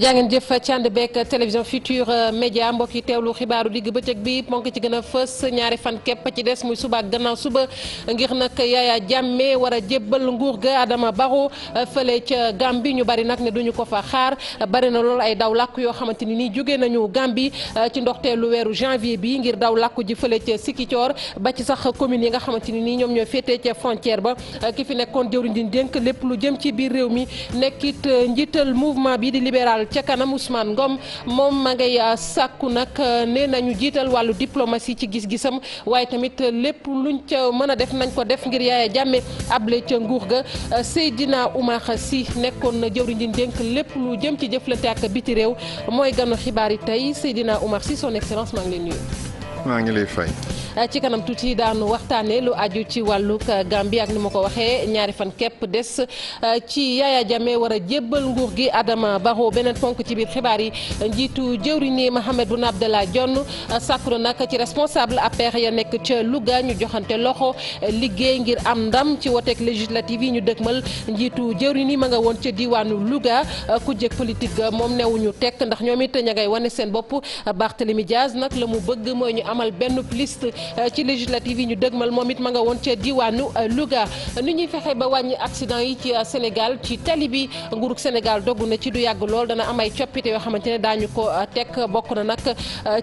jaa ngeen jëf ci ànd beeg télévision Futur euh, Média mbokk yi teewlu xibaaru digg bëccëg bi ponk ci gën a fës ñaari fan kepp ci des muy suba ak gannaaw suba ngir nag Yaya jàmme war a jébbal nguur ga Adama Barrow euh, fële ca Gambie ñu bari nag ne duñu ko fa xaar bari na loolu ay daw làkk yoo xamante ni nii jóge nañu Gambie euh, ci teelu weeru janvier bi ngir daw làkku ji fële ca Sikicoor ba ci sax commune yi nga xamante ni nii ñoom ñoo féetee ca frontière ba ki fi nekkoon jëwriñ dénk lépp lu jëm ci biir réew mi nekkit njiital mouvement bi di libéral ca kanam Ousmane Ngom moom ma ngay euh, sàkku nag euh, nee nañu jiital wàllu diplomatie ci gis-gisam waaye tamit lépp luñ ca mën a def nañ ko def ngir Yaya jàmme able ca nguur ga euh, Seydina Oumar Sy nekkoon na jëwriñ di dénk lépp lu jëm ci jëflante ak biti réew mooy ganu xibaar yi tey Seydina Oumar si son excellence maa ngi leen nuyu maa ngi lay fay. Eh, ci kanam tuuti daan waxtaanee lu aju ci wàllu eh, Gambie ak ni ma ko waxee ñaari fan kepp des eh, ci Yaya Jammeh war a jébbal nguur gi Adama Barrow beneen fonk ci biir xibaar yi njiitu jëwriñi Mahammed Boun Abdallah Dionne sàkku na nag ci responsable APR ya nekk ca Louga ñu joxante loxo liggéey ngir am ndam ci woteek législative yi ñu dëgmal njiitu jëwriñi ma nga woon ca diwaanu luga ku jëkk politique moom newuñu tekk ndax ñoom it ña ngay wane amal benn liste euh, ci législative yi ñu dëgmal moom it ma nga woon ca diwaanu euh, Louga ni ñuy fexe ba wàññi accident yi ci euh, Sénégal ci tali bi nguurug Sénégal dogu na ci du yàgg lool dana am ay coppite yoo xamante ne daañu ko teg bokk na nag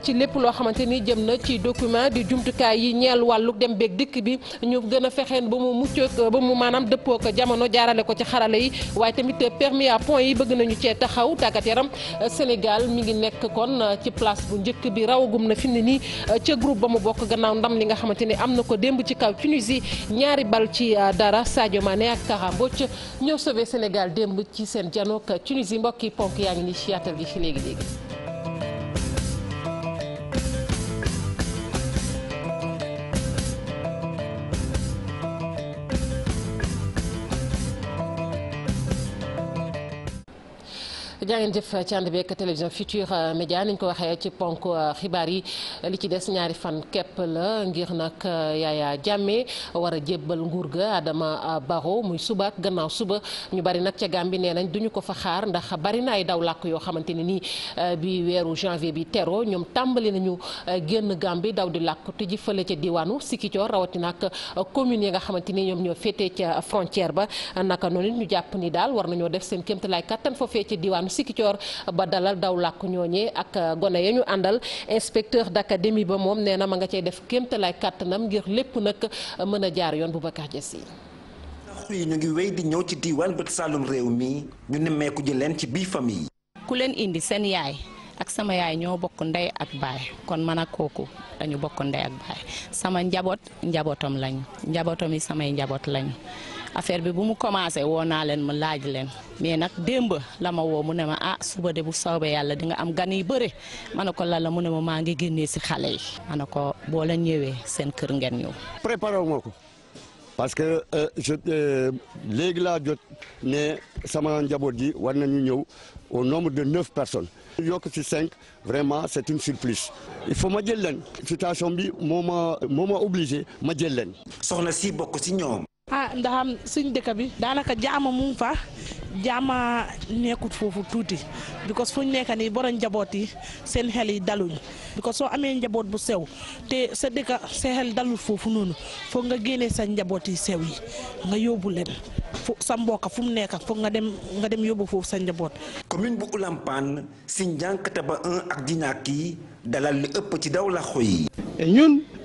ci lépp loo xamante ni jëm na ci document di jumtukaay yi ñeel wàllu dem beeg dikk bi ñu gën a fexeen ba mu mucc ba mu maanaam dëppoo ko jamono jaarale ko ci xarala yi waaye tamit permis à point yi bëgg nañu cee taxaw tàggat yaram Sénégal mi ngi nekk kon ci place bi rawagum na ca groupe ba mu bokk gannaaw ndam li nga xamante ni am na ko démb ci kaw Tunisie ñaari bal ci euh, dara Sadio Mané ak Kara ca ñëw sauvé Sénégal démb ci seen janook Tunisie mbokki ponk yaa ngi ni ci yaatal gi ci léegi léegi. jaa ngeen jëf ci ànd télévision Future euh, Média niñ ko waxee ci ponk euh, xibaar yi li ci des ñaari fan képp la ngir nag euh, Yaya jàmme war a jébbal nguur ga Adama Barrow muy suba ak gannaaw suba ñu bari nag ca Gàmbi nee nañ duñu ko fa xaar ndax bari na ay daw làkk yoo xamante ne nii bi weeru janvier bi tero ñoom tàmbali nañu génn Gàmbi daw di làkk te ji fële ca diwaanu Sikicoor rawatina ak commune yi nga xamante ni ñoom ñoo féetee ca frontière ba naka noonu ñu Sikicoor ba dalal daw làkk ñooñee ak gone ya ñu àndal inspecteur d'académie ba moom nee na ma nga cee def kéemtalaay kàttanam ngir lépp nag mën a jaar yoon bu Boubacar Dias yi ñu ngi wéy di ñëw ci diiwaan bët Saalum réew mi ñu nemmeeku ji leen ci biir famille. ku leen indi seen yaay. ak sama yaay ñoo bokk ndey ak baay kon man ak kooku dañu bokk ndey ak baay sama njaboot njabootam lañ njabootam yi samay njaboot lañ affaire bi bu mu commencé woo naa leen ma laaj leen mais nag démb la ma woo mu ne ma ah suba de bu soobee yàlla di nga am gan yu bëri ma ne ko lan la mu ne ma maa ngi génnee si xale man ma ko boo leen ñëwee seen kër ngeen ñëw. préparé wu ma ko parce que euh, je euh, léegi laa jot ne sama njaboot gi war nañu ñëw au nombre de neuf personne yokk ci cinq vraiment c'est une surprise il faut ma jël leen situation bi moo ma moo ma obligé ma jël leen. soxna si bokk si ñoom. a ah, ndaxam suñ dëkk bi daanaka jaama mu fa jaama nekkut foofu tuuti because fuñ nekk ni boro njaboot yi seen xel yi daluñ because soo amee njaboot bu sew te sa dëkk sa xel dalul foofu noonu foog nga génnee sa njaboot yi sew yi nga yóbbu leen fu sa mbokk fu mu nekk foog nga dem nga dem yóbbu foofu sa njaboot. commune bu Oulampan si njànkata ba 1 ak Jinaki dalal li ëpp ci daw la xoy yi.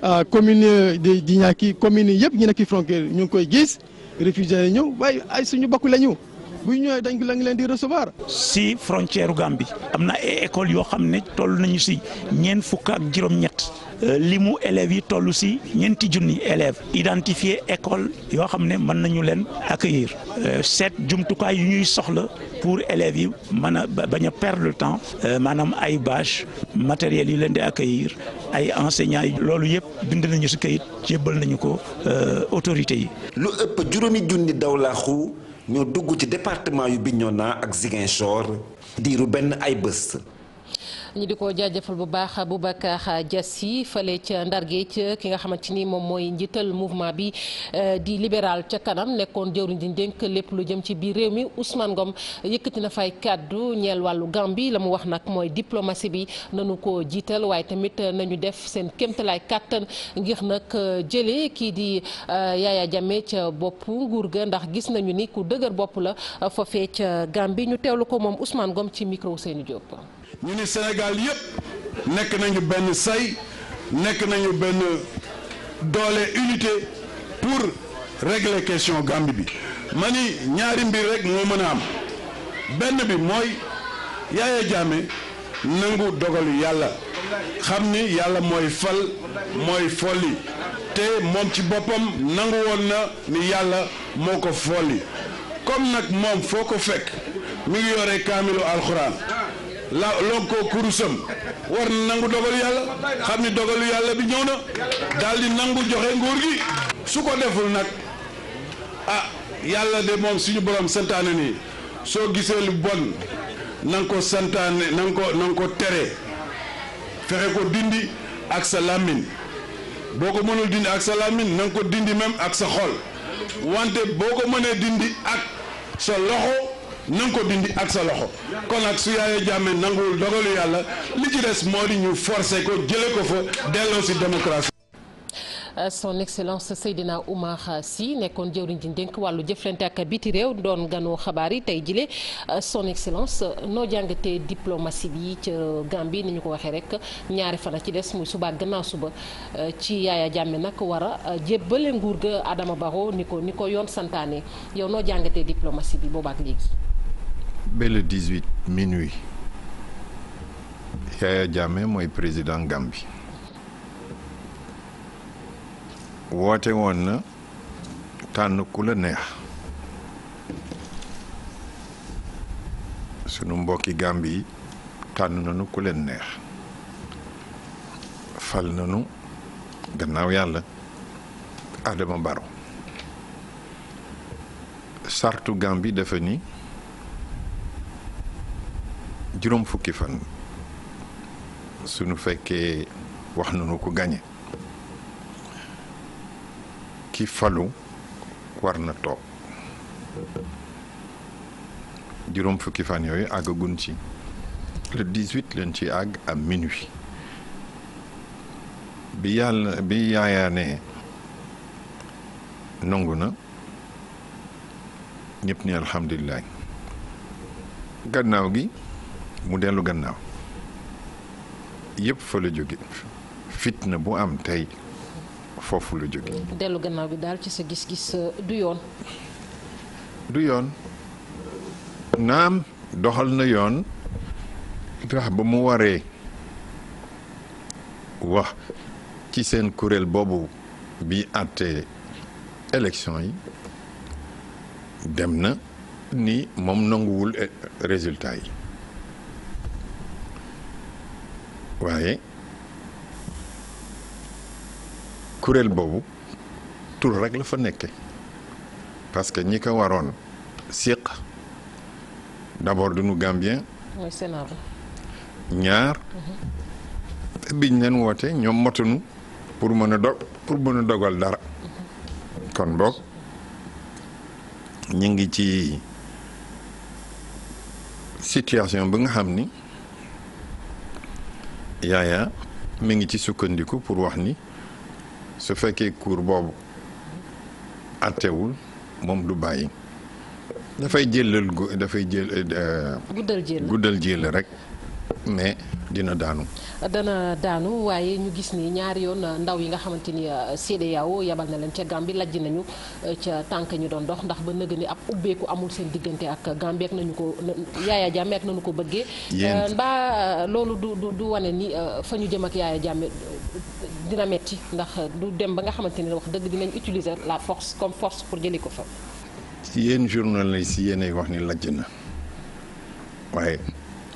Euh, commune de euh, Dinaaki commune yëpp ñu nekk frontière ñu ngi koy gis réfugié yi ñëw waaye ay suñu bokk la ñu bu ñëwee dañ la leen di recevoir. si frontière Gambie am na ay école yoo xam ne toll nañu si ñeent fukk ak juróom-ñett. Euh, li mu élèves yi toll si ñeenti junni élèves identifier école yoo xam ne mën nañu leen accueillir euh, seet jumtukaay yu ñuy soxla pour élèves yi mën a bañ a perdre temps euh, maanaam ay bâche matériel yu leen di accueillir ay enseignants yi loolu yëpp bind nañu si kayit jébbal nañu ko autorités yi. lu ëpp juróomi junni dawlaaxu ñoo dugg ci département yu Bignona ak Ziguinchor diiru benn ay bés. ñu di ko jaajëfal bu baax Boubacar Diassi fële ca Ndar Géej ki nga xamante ni moom mooy njiital mouvement bi euh, di libéral ca kanam nekkoon jëwriñ di dénk lépp lu jëm ci biir réew mi Ousmane Ngom yëkkati na fay kàddu ñeel wàllu Gambie la mu wax nag mooy diplomatie bi nanu ko jiital waaye tamit nañu def seen kéemtalaay kàttan ngir nag euh, jële kii di euh, yaaya Jammeh ca bopp nguur ga ndax gis nañu ni ku dëgër bopp la foofee ca Gambie ñu teewlu ko moom usmaan Ngom ci micro Ousseynou Diop ñu ni Sénégal yëpp nekk nañu benn say nekk nañu benn doole unité pour régler question Gambie bi ma ni ñaari mbir rek moo mën a am benn bi mooy Yaya Jammeh nangu dogalu yàlla xam ni yàlla mooy fal mooy folli te moom ci boppam nangu woon na ni yàlla moo ko folli comme nag moom foo ko fekk mu ngi yore kaamilu alxuraan la loog koo kurusam war na nangu dogalu yàlla xam ni dogalu yàlla bi ñëw na daal di nangu joxe nguur gi su ko deful nag a ah, yàlla de moom suñu borom santaane nii soo gisee lu bon nanga nga ko santaane na ko na nga ko tere fexe ko dindi ak sa làmmiñ boo ko mënul dindi ak sa làmmiñ na nga ko dindi même ak sa xol wante boo ko mënee dindi ak sa loxo na ko dindi ak sa loxo kon nag su yaayee jàmme nanguwul dogalu yàlla li ci des moo di ñu forcé ko jële ko fa delloo si son excellence Seydina Oumar Sy nekkoon jëwriñ ji dénk wàllu jëflante ak biti réew doon ganu xabaar yi tey jile son excellence noo jàngatee diplomatie bi ca Gambie ni ñu ko waxee rek ñaari fan a ci des muy suba gannaaw suba ci Yaya Jammeh nag war a jébbale nguur ga Adama Barrow ni ko ni ko yoon santaane yow noo jàngatee diplomatie bi boobaak léegi. ba le 18 minuit Yaya Jammeh mooy président Gambie woote woon na tànn ku la neex sunu mbokki Gambie yi tànn nañu ku leen neex fal nañu gannaaw yàlla Adama Barrow sartu Gambie dafa ni juróom fukki fan nu fekkee wax nañu ko gañe ki falu war na toog juróom fukki fan yooyu àggagun ci le 18 leen ci àgg à minuit bi yàlla bi yaayaa nangu na ñépp ni alhamdulilah gannaaw gi mu dellu gannaaw yëpp fa la jóge fitna bu am tey foofu la jóge dellu gannaaw bi daal ci sa gis du yoon. naam doxal na yoon tax ba mu waree wax ci seen kuréel boobu bi àttee élection yi dem na ni moom nanguwul e-, résultat yi. waaye kuréel boobu tur rek la fa nekke parce que ñi ko waroon siq d'abord duñu gambien mooy Sénat ba ñaar mhm. biñ leen woote ñoom motuñu pour mën a dog pour mën a dogal dara mhm. kon boog ñu ngi ci situation bi nga xam ni yaaya mu ngi ci sukkandiku pour wax ni su fekkee cour boobu attewul moom du bàyyi dafay jëlal dafay jël euh, guddal jël rek mais dina daanu. dana daanu waaye ñu gis ni ñaari yoon ndaw yi nga xamante ni yaw euh, yabal na leen ca Gambie lajj nañu euh, ca tànk ñu doon dox ndax ba nëgë ni ab ubbeeku amul seen diggante ak Gambie ak nañu ko Yaya Jammeh ak nañu ko bëggee. yéen euh, loolu du du wane ni fa ñu jëm ak Yaya Jammeh dina metti ndax du dem ba nga xamante ni wax dëgg dinañ utiliser la force comme force pour jëli ko fa. yéen journaliste yéenay wax ni lajj na waaye.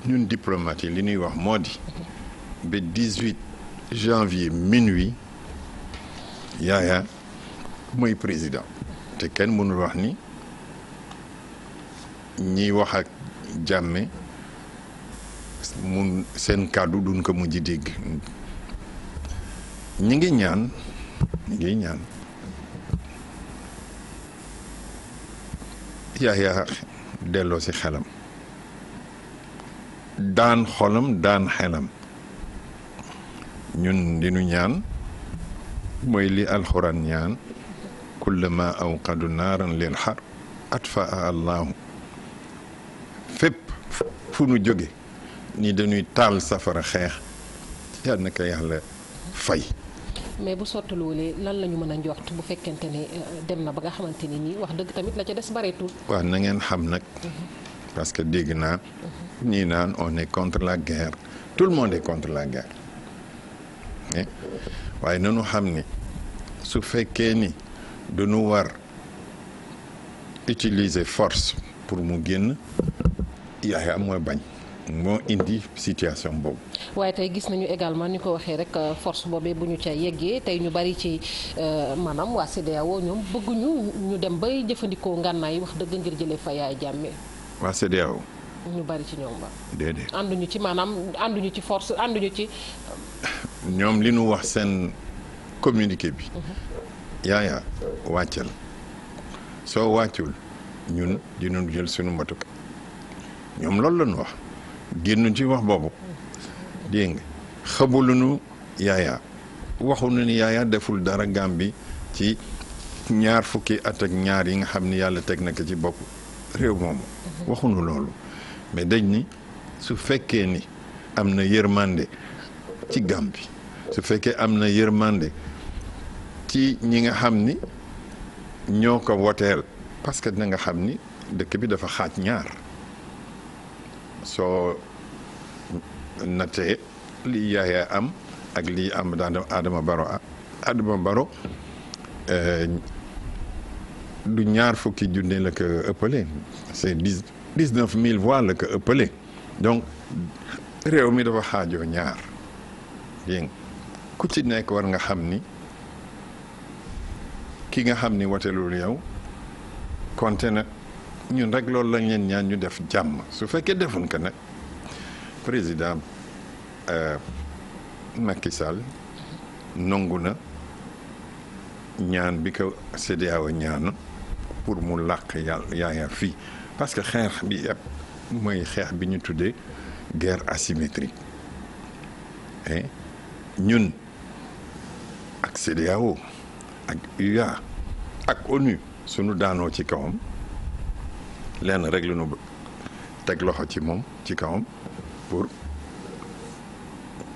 ñun diplomate yi li ñuy wax moo di ba 18 janvier minuit yaaya mooy président te kenn mënul wax ni ñiy wax ak jàmme mun seen kàddu duñ ko mujj dégg ñi ngi ñaan ñi ngi ñaan yaaya delloo si xelam daan xolam daan xelam ñun li ñaan mooy li alxuraan ñaan kullama awqadu naaran lil xar atfa allahu fépp fu nu jóge ni dañuy taal safara xeex yal na ko fay mais bu sottaloolee lan la mën a njort bu fekkente ne euh, dem na ba nga xamante ni nii wax dëgg tamit la ca des bareetul waaw na ngeen xam nag mhm. parce que dégg naa ñii naan on est contre la guerre tout le monde est contre la guerre eh? waaye nanu xam ni su fekkee ni du war utiliser force pour mu génn Yahya mooy bañ moo indi situation boobu. waaye tey gis nañu également ni ko waxee rek euh, force boobee bu ñu ca yeggee tey ñu bari ci euh, maanaam waa CEDEAO ñoom bëgguñu ñu dem bay jëfandikoo ngànnaay wax dëgg ngir jëlee fa yaay jàmme waa CEDEAO ñu bari ci ñoom ba. ànduñu ci maanaam ànduñu ci force ànduñu ci. ñoom li nu wax seen communiqué bi. Mhm. yaaya wàccal soo wàccul ñun dinañ jël suñu matuka ñoom loolu la ñu wax génn ci wax boobu dégg nga xamuluñu yaaya waxuñu ni yaaya deful dara Gàmbi ci ñaar fukki at ak ñaar yi nga xam ni yàlla teg na ci bopp réew moomu. waxuñu loolu mais dañ ni su fekkee ni am na yërmande ci Gàmbi su fekkee am na yërmande ci ñi nga xam ni ñoo ko woteel parce que dina nga xam ni dëkk bi dafa xaaj ñaar soo natee lii yaaya am ak lii am daanam Adama Baro Adama Baro eh, du ñaar fukki junne la ko ëppale c'est dix dix-neuf mille voix la ko ëppale donc réew mi dafa xaajoo ñaar yéen ku ci nekk war nga xam ni ki nga xam ni woteelul yow konte na ñun rek loolu lañ leen ñaan ñu def jàmm su fekkee defuñ ko nag président euh, Macky Sall nongu na ñaan bi ko CEDEAO ñaanu pour mu làq yàlla yaaya fii parce que xeex bi yëpp mooy xeex bi ñu tuddee guerre asymétrique eh? ñun ak CEDEAO ak UA ak ONU suñu daanoo ci kawam lenn rek nu teg loxo ci moom ci kawam pour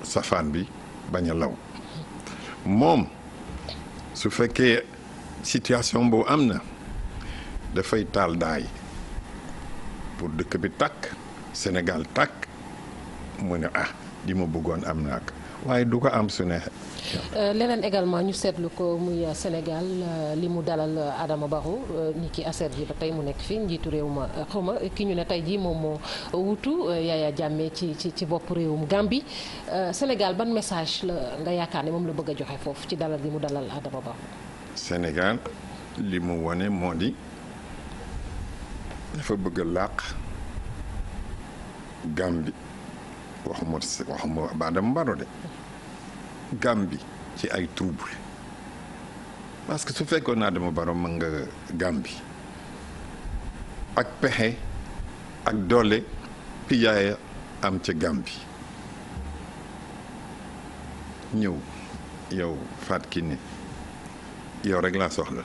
safaan bi bañ a law moom su fekkee situation boobu am na dafay taal daay pour dëkk bi tàkk Sénégal tàkk mu ne ah di ma bëggoon am naa ko waaye du ko am su ne euh, leneen également ñu seetlu ko muy Sénégal euh, li mu dalal Adama Barrow euh, ni ki aser ji ba tey mu nekk fii njiitu réew ma xawma ki ñu ne tey jii moom moo wutu Yaya Jammeh ci ci ci bopp réewum Gambie Sénégal ban message la nga yaakaar ne moom la bëgg a joxe foofu ci dalal li mu dalal Adama Barrow Sénégal li mu wone moo di dafa bëgg a làq Gàmbi waxuma waxuma Adama Barrow de Gàmbi ci ay trouble parce que su fekkoon Adama baro mën nga Gàmbi ak pexe ak doole pijaaya am ca Gàmbi ñëw yow Fatou Kiné yow rek laa soxla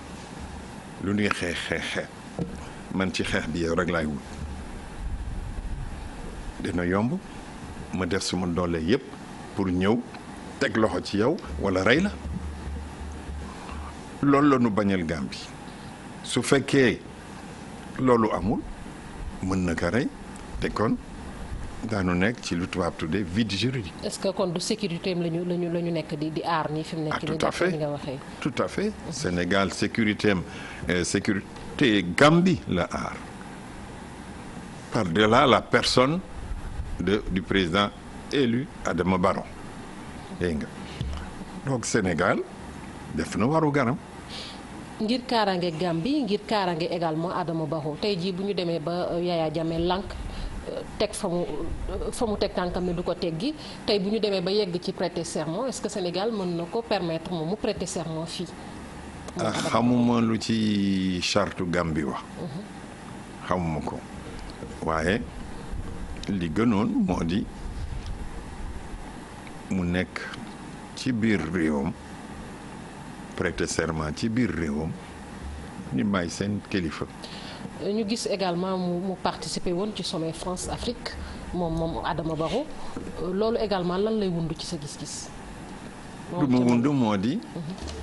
lu ñuy xeex xeex man ci xeex bi yow rek laay wut dina yomb ma def suma doole yépp pour ñëw teg loxo ci yow wala rey la loolu la ñu bañal Gàmbi su fekkee loolu amul mën na ko rey te kon daanu nekk ci lu tubaab tuddee vide juridique. est-ce que kon du sécurité am la ñu la ñu nekk di di aar nii fi mu nekk. ah tout à fait tout à fait Sénégal sécurité am euh, sécurité. te Gambie la aar par-delà la personne de du président élu Adama Barrow dégg nga donc Sénégal def na waru garam ngir kaaraange Gambie ngir kaaraange également Adama Barrow tey jii bu ñu demee ba euh, Yaya jamee lànk euh, teg fa mu euh, fa mu teg tànkam ne du ko teggi tey bu ñu demee ba yegg ci prêter serment est-ce que Sénégal mën na ko permettre moom mu prêter serment fii Ah, xamuma lu ci charte Gambie wax xamuma ko waaye li gënoon moo di mu nekk ci biir réewam prêter serment ci biir réewam ni may seen kilifa. ñu gis également mu mu participer woon ci sommet France Afrique moom moom Adama Barrow euh, loolu également lan lay wund ci sa gis-gis. du ma moo di. Mhm.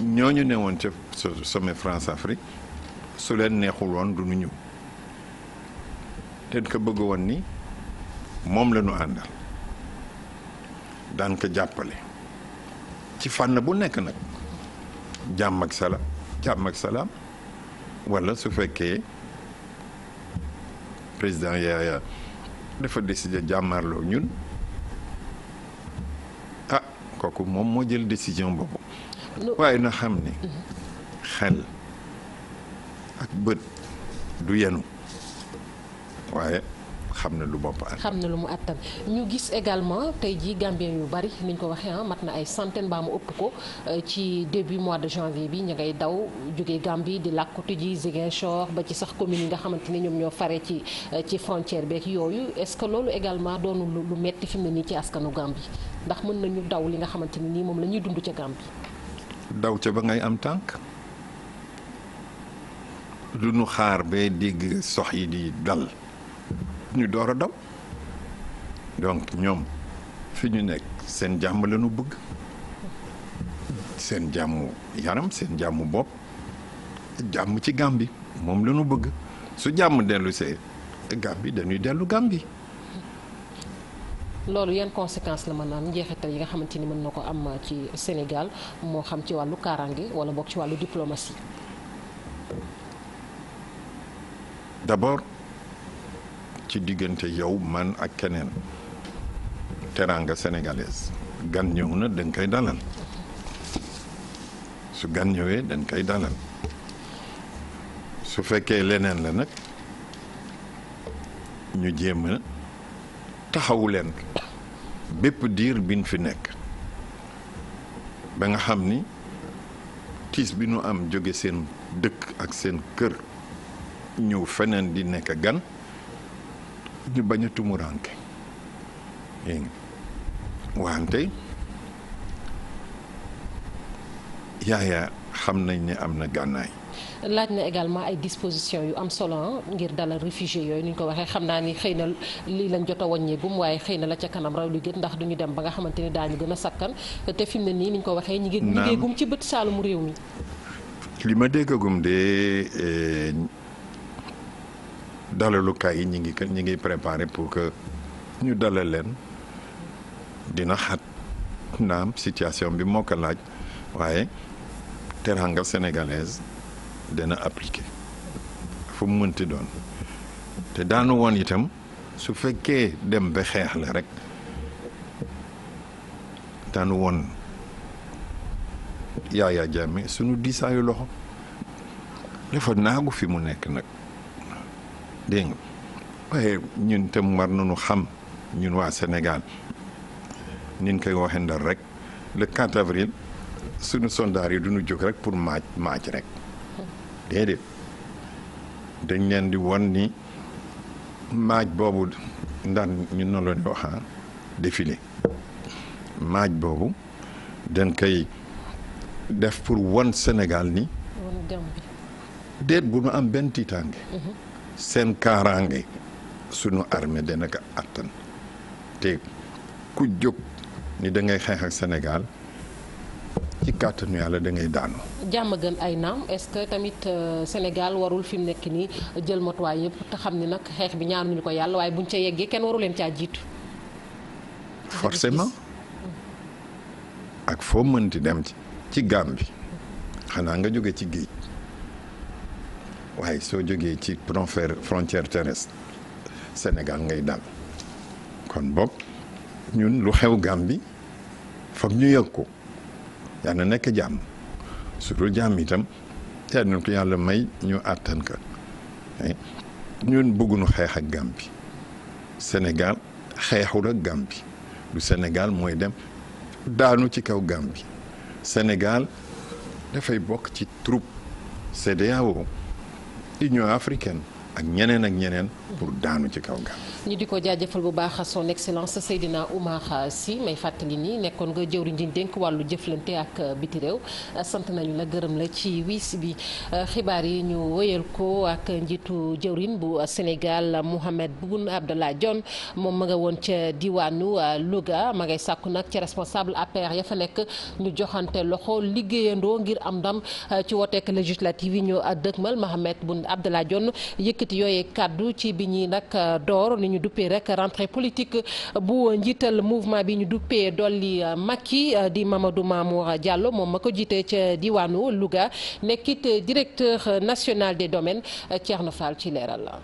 ñooñu ne woon ca sommet France Afrique su leen neexul woon du ñu ñëw te ko bëgg woon ni moom la ñu àndal daan ko jàppale ci fànn bu nekk nag jàmm ak salaam jàmm ak salaam walla su fekkee président Yaya dafa décider jàmmarloo ñun ah kooku moom moo jël décision boobu. waaye na xam ni xel ak bët du yenu waaye xam na lu bopp àttan. xam na lu mu attan ñu gis également tey jii Gambien yu bari ni ñu ko waxee ah, mat na ay centaine baa mu ëpp ko euh, ci début mois de janvier bi ñu ngay daw jógee Gambie di làkkutu ji Ziguinchor ba ci sax commune yi nga xamante ni ñoom ñoo fare ci euh, ci frontière beek yooyu est-ce que loolu également doonu lu metti fi mu ne nii ci askanu Gambie ndax mën nañu daw li nga xamante ni nii moom la ñuy dund ca Gambie. daw ca ba ngay am tànk lu nu xaar bee dégg sox yi di dal ñu door a daw donc ñoom fi ñu nekk seen jàmm la bëgg seen jàmm yaram seen jàmmu bopp jàmm ci Gàmbi moom la ñu bëgg su jàmm dellusee see Gàmbi dañuy dellu Gàmbi loolu yan conséquence la mën a am njeexital yi nga xamante ni mën na ko am ci Sénégal moo xam ci wàllu kaaraange wala boog ci wàllu diplomatie. d'abord ci diggante yow man ak keneen teraanga sénégalaise gan ñëw na dañ koy dalal su gan ñëwee dañ koy dalal su fekkee leneen la nag ñu jéem a taxawu leen. bépp diir biñ fi nekk ba nga xam ni tiis bi nu am jóge seen dëkk ak seen kër ñëw feneen di nekk gan ñu bañ a tumuranke wante yaaya xam nañ ni am na gànnaay laaj na également ay dispositions yu am solo ah, ngir dalal réfugié yooyu ni ñu ko waxee xam naa ni xëy na lii lañ jot a wàññeegum waaye xëy na la ca kanam raw li gën ndax duñu dem ba nga xamante ni daañu gën a sakkan te fi mu ne nii ni ñu ko waxee. ñi ngi liggéeyagum ci bët saalumu réew mi. li ma déggagum de eh, dalalukaay yi ñi ngi ñi ngi préparé pour que ñu dalal leen dina xat naam situation bi moo ko laaj waaye teranga sénégalaise. dana appliqué fu mu mënti doon te daanu woon itam su fekkee dem ba xeex rek daanu woon Yaya Jammeh suñu diisaayu loxo dafa naagu fi mu nekk nag déng waaye ñun tam war nañu xam ñun waa Sénégal nin koy waxee ndar rek le 4 avril sunu soldaar yi duñu jóg rek pour maaj maaj rek déedéet dañ leen di won ni maaj boobu ndax ñun noonu la ñu waxaa ah, défilé maaj boobu dañ koy def pour won Sénégal ni déet bu nu am benn tiitaange mhm. seen kaaraange sunu armée dana ko te ku jóg ni dangay ngay xeex ak Sénégal ci kàttanu yàlla da ngay jàmm gën ay naam est-ce tamit euh, Sénégal warul fi nekk ni jël matuwaay yëpp te xam ni nag xeex bi ñaan ñaanuñu ko yàlla waaye buñ ca yeggee kenn waru leen caa jiitu. forcément ak foo mënti dem ci ci gaam bi xanaa nga jóge ci géej waaye soo jógee ci frontière frontière terrestre Sénégal ngay dal kon boog ñun lu xew gaam bi foog ñu yëg ko. yaa nekk jàmm su dul jàmm itam yaa yàlla may ñu àttan ka eh, ñun bëggunu xeex ak Gambie Sénégal xeexul ak Gambie du Sénégal mooy dem daanu ci kaw Gambie Sénégal dafay bokk ci troupe CEDEAO Union africaine ak ñeneen ak ñeneen pour daanu ci kaw Gambie ñu di ko jaajëfal bu baax son excellence Seydina Oumar si may fàttali ni nekkoon nga jëwriñ ji dénk wàllu jëflante ak euh, biti réew sant nañu la gërëm la ci wiis bi euh, xibaar yi ñu wëyal ko ak njiitu jëwriñ bu Sénégal Mohamed Boun Abdallah Dionne moom ma nga woon ca diwaanu euh, Louga ma ngay sàkku nag ci responsable APR ya fa nekk ñu joxante loxo liggéeyandoo ngir am ndam ci woteek législative yi ñu dëgmal Mohamed Boun Abdallah Dionne yëkkati yooyee kàddu ci bi ñu duppee rek rentrée politique bu njiital mouvement bi ñu duppee dolli Macky euh, di Mamadou Mamour Diallo moom ma ko jiite ca diwaanu Louga nekkit directeur national des domaines euh, Thierno Fall ci leeral la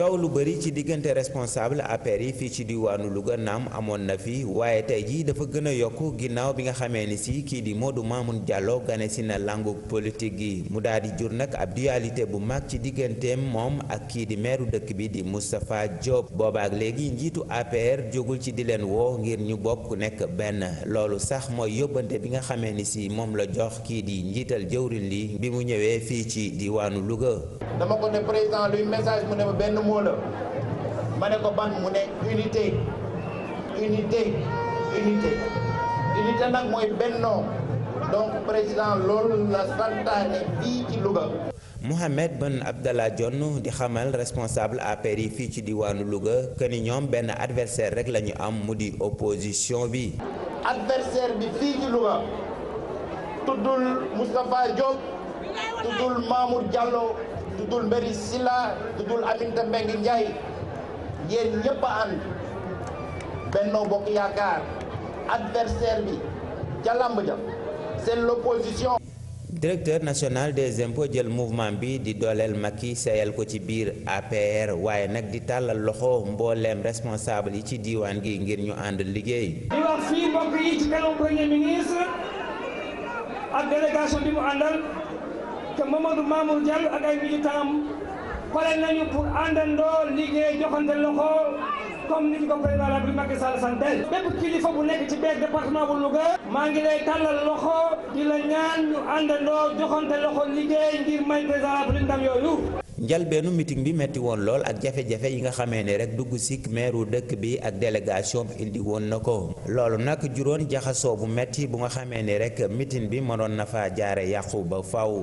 coow lu bari ci diggante responsable APR yi fii ci diwaanu Louga naam amoon na fi waaye tey jii dafa gën a yokk ginnaaw bi nga xamee ni si kii di Modou Mamoun Diallo gane si na langu politique gi mu daal di jur nag ab dualité bu mag ci digganteem moom ak kii di meeru dëkk bi di Moustapha Diop boobaak léegi njiitu APR jógul ci di leen woo ngir ñu bokk nekk benn loolu sax mooy yóbbante bi nga xamee ni si moom la jox kii di njiital jëwrin li bi mu ñëwee fii ci diwaanu Louga. moo la ma ne ko ban mu ne unité unité unité unité nag mooy bennoo donc président loolu la santaane fii ci Louga. Mohamed Ben Abdallah Dionne di xamal responsable APR yi fii ci diwaanu Louga que ñoom benn adversaire rekk la am mu di opposition bi. adversaire bi fii ci Louga tuddul Moustapha Diop tuddul Mamour Diallo. du dul Mbéri Silla du dul Aminata Mbengue Ndiaye yéen ñëpp a ànd Bokk Yaakaar adversaire bi ca làmb ja seen l'opposition directeur national des impôts jël mouvement bi di dooleel Macky seyal ko ci biir APR waaye nag di tàllal loxo mbooleem responsable yi ci diiwaan gi ngir ñu ànd liggéey di wax fii mbokk yi ci kanam premier ministre ak délégation bi mu àndal te Mamadou Mamour Diallo ak ay militant am nañu pour àndandoo liggéey joxante loxo comme ni ñu ko président la bi Macky Sall bépp kilifa bu nekk ci biir département bu Louga maa ngi lay tàllal loxo di la ñaan ñu àndandoo joxante loxo liggéey ngir may président la bi ndam yooyu njalbeenu mitin bi metti woon lool ak jafe-jafe yi nga xamee ne rek dugg sik meeru dëkk bi ak délégation bi indi woon na ko loolu nag juróon jaxasoo bu metti bu nga xamee ne bi mënoon na fa jaare yàqu ba faw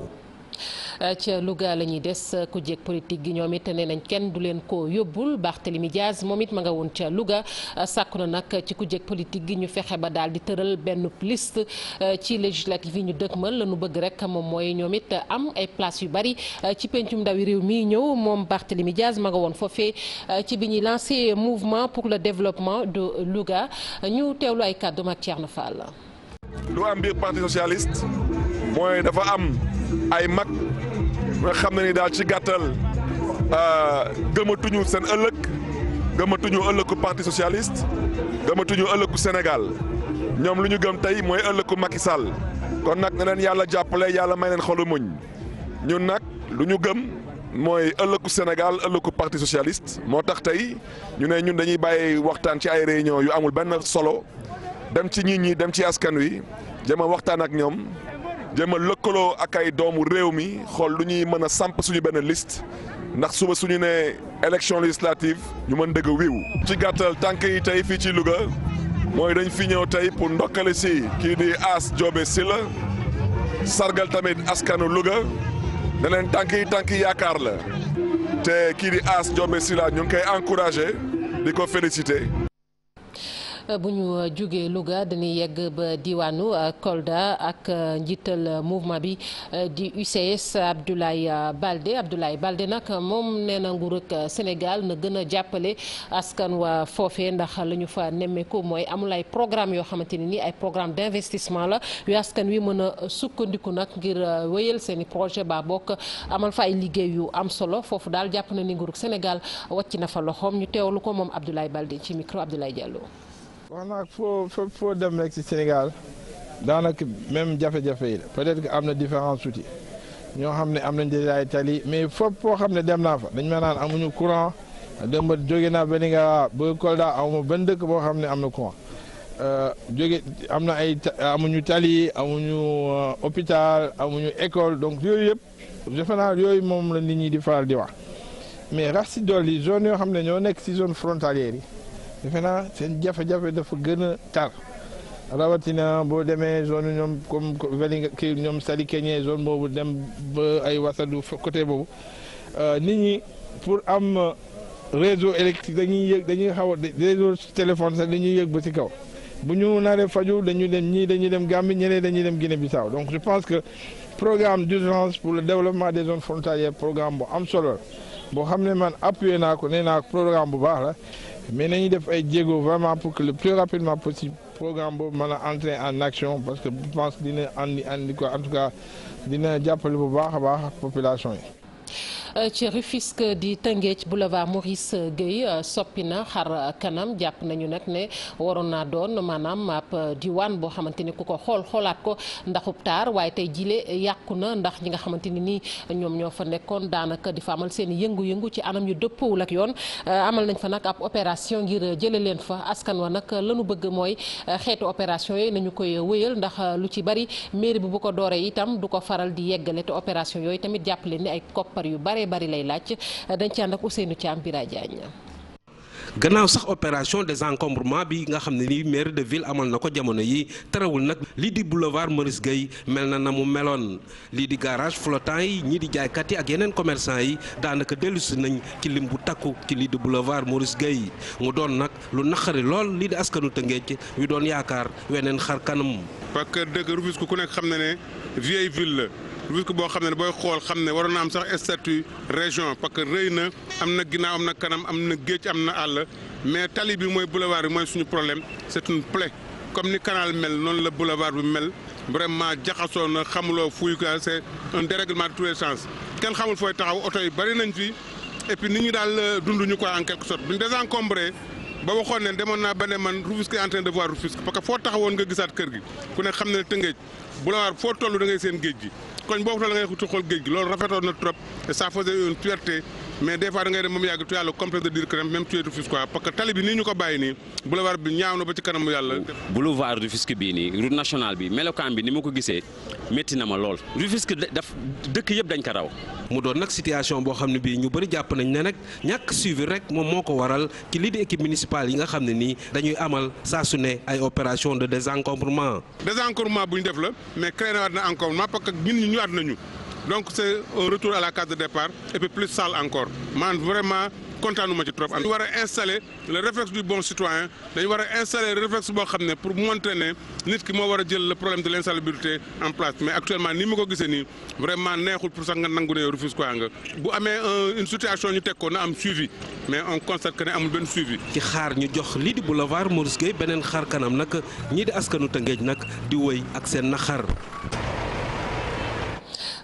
Eh, ca Louga la ñuy des eh, ku jéeg politique gi ñoom it nee nañ kenn du leen ko yóbbul Barthélemy Diaz moom it ma nga woon ca luga eh, sàkku na nag ci ku jéeg politique gi ñu fexe ba daal di tëral benn liste ci législative yi ñu dëgmal la ñu bëgg rek moom mooy ñoom it am ay place yu bari ci pencum ndawi réew mi ñëw moom Barthélemy Diaz ma nga woon foofee ci bi ñuy lancé mouvement pour le développement du Louga ñu teewlu ay kàddu mag Thierno Fall. lu am biir parti socialiste ay mag nga xam na ni daal ci gàttal euh, gëmatuñu seen ëllëg gëmatuñu ëllëgu parti socialiste gëmatuñu ëllëgu Sénégal ñoom lu ñu gëm tey mooy ëllëgu Macky Sall kon nag ne yàlla jàppale yàlla may leen xolu muñ ñun nag lu ñu gëm mooy ëllëgu Sénégal ëllëgu parti socialiste moo tax tey ñu ne ñun dañuy bàyyi waxtaan ci ay réunion yu amul benn solo dem ci nit ñi dem ci askan wi jëm a waxtaan ak ñoom. jéem a lëkkaloo ak ay doomu réew mi xool lu ñuy mën a samp suñu benn list ndax suba suñu ne élection législative ñu mën dëgg wiiw ci gàttal tànk yi tey fii ci Louga mooy dañ fi ñëw tey pour ndokkale si kii di Ass si la sargal tamit askanu Louga ne leen tànk yi tànk yi yaakaar la te kii di Ass Diobé Sylla ñu ngi koy encouragé di ko félicité bu ñu euh, jógee Louga dañuy yegg ba diwaanu euh, Kolda ak euh, njiital mouvement bi di UCS Abdoulaye Balde Abdoulaye Balde nag moom nee na nguur ak Sénégal na gën a jàppale askan wa foofee ndax la ñu fa nemmeeku mooy amul ay programme yoo xamante ne nii ay programme d'investissement la yu askan wi mën a sukkandiku nag ngir wéyal seen i projet ba bokk amal fa ay liggéey yu am solo foofu daal jàpp na ni nguurug Sénégal wàcc na fa loxoom ñu teewlu ko moom Abdoulaye Balde ci micro Abdoulaye Diallo wax naa foo foo dem rek Sénégal daanaka même jafe-jafe yi la peut-être que am na différence tuuti ñoo xam ne am nañ déjà tali mais fopp foo xam ne dem naa fa dañ ma naan amuñu courant dem ba jóge naa benn nga ba Kolda amuma benn dëkk boo xam ne am na courant euh, jóge am na ay amuñu tali amuñu euh, am ñu école donc yooyu yëpp defe naa yooyu moom la nit ñi di faral di wax mais rax ci dolli zone yoo xam ne ñoo nekk si zone frontalière yi. defe naa seen jafe-jafe dafa gën a tar rawatina boo demee zone ñoom comme Vélingara kii ñoom Saly Kégné zone boobu dem ba ay wasadu côté boobu euh, nit ñi pour am euh, réseau électrique dañuy yëg dañuy xaw a réseau téléphone sax dañuy yëg ba ci kaw bu ñu naree faju dañu dem ñii dañuy dem Gambie ñeneen dañuy dem Guinée Bissau donc je pense que programme d'urgence pour le développement des zones frontalières programme bu am solo bo xam ne man appuyé naa ko nee naa ko programme bu baax la. mais nañu def ay jéego vraiment pour que le plus rapidement possible programme boobu mën a entrer en action parce que je pense dina andi andi ko en tout cas dina jàppale bu baax a baax population yi. Euh, ci Rufisque di Tëngéej boulevard Maurice Guèye euh, soppi na xar kanam jàpp nañu nag ne waroon naa doon maanaam ab euh, diwaan boo xamante ni ku ko xool xoolaat ko ndaxub taar waaye tey jile yàqu na ndax ñi nga xamante ni nii ñoom ñoo fa nekkoon daanaka di fa amal seen yëngu-yëngu ci anam yu dëpp wul ak yoon amal nañ fa nag ab opération ngir jële leen fa askan wa nag lañu bëgg mooy xeetu opération yooyu nañu koy wéyal ndax lu ci bari mairie bi bu ko dooree itam du ko faral di yeggale te opération yooyu tamit jàppale ni ay koppar yu bare baree bari lay laaj dañ ci ànd ak Ousseynou Thiam Bira gannaaw sax opération désencombrement bi nga xam ne ni maire de ville amal na ko jamono yi terewul nag lii di boulevard Maurice Gueye mel na na mu meloon lii di garage flottant yi ñii di jaaykat yi ak yeneen commerçant yi daanaka dellusi nañ ci lim bu takku ki lii di boulevard Maurice Gueye mu doon nag lu naqari lool lii di askanu Tëngéej wi doon yaakaar weneen xar kanam. parce dëkk Rufisque ku nekk xam na ne vieille ville la. risque boo xam ne booy xool xam ne waroon na am sax statut région parce que na am na ginnaaw am na kanam am na géej am na àll mais tali bi mooy boulevard mooy suñu problème c'est une plaie comme ni canal mel noonu la boulevard bi mel vraiment jaxasoo na xamuloo fuy quoi c'est un dérèglement de tous les sens kenn xamul fooy taxaw oto yi bari nañ fi et puis nit ñi daal euh, dunduñu quoi en quelque sorte buñ désencombré ba waxoon ne demoon naa ba ne man Rufisque en train de foo taxawoon nga gisaat kër gi ku ne xam ne Tëngéej foo toll da ngay seen koñ boo ko toll ngay xool géej loolu rafetoon na trop et ça faisait une fierté mais des fois da ngay yàgg tu as le de dire que même tu es Rufisque quoi parce que tali bi nii ñu ko bàyyi nii boulevard bi ñaaw na ba ci kanamu yàlla. boulevard Rufisque bii nii route nationale bi melokaan bi ni ma ko gisee métti na ma lool Rufisque daf dëkk yëpp dañ ko raw. mu doon nag situation boo xam ne bii ñu bëri jàpp nañ ne nag ñàkk suivi rek moom moo ko waral ki lii di équipe municipale yi nga xam ne nii dañuy amal saa su ne ay opération de désencombrement. désencombrement bu ñu def la mais créé na na encombrement parce que ñun nañu. donc c'est un retour à la case de départ et puis plus sale encore man vraiment kontaanuma ci trop. dañu war a installer le réflexe du bon citoyen dañu war a installer le boo xam ne pour montrer ne nit ki moo war a jël le problème de l'insalubrité en place mais actuellement ni ma ko gisee nii vraiment neexul pour sax nga nangu ne refuse quoi nga. bu amee une situation ñu teg ko na am suivi mais en constate que ne amul benn suivi. ci xaar ñu jox lii di boulevard Maurice Gueye beneen xaar kanam nag ñii di askanu Tëngéej nag di woy ak seen naxar.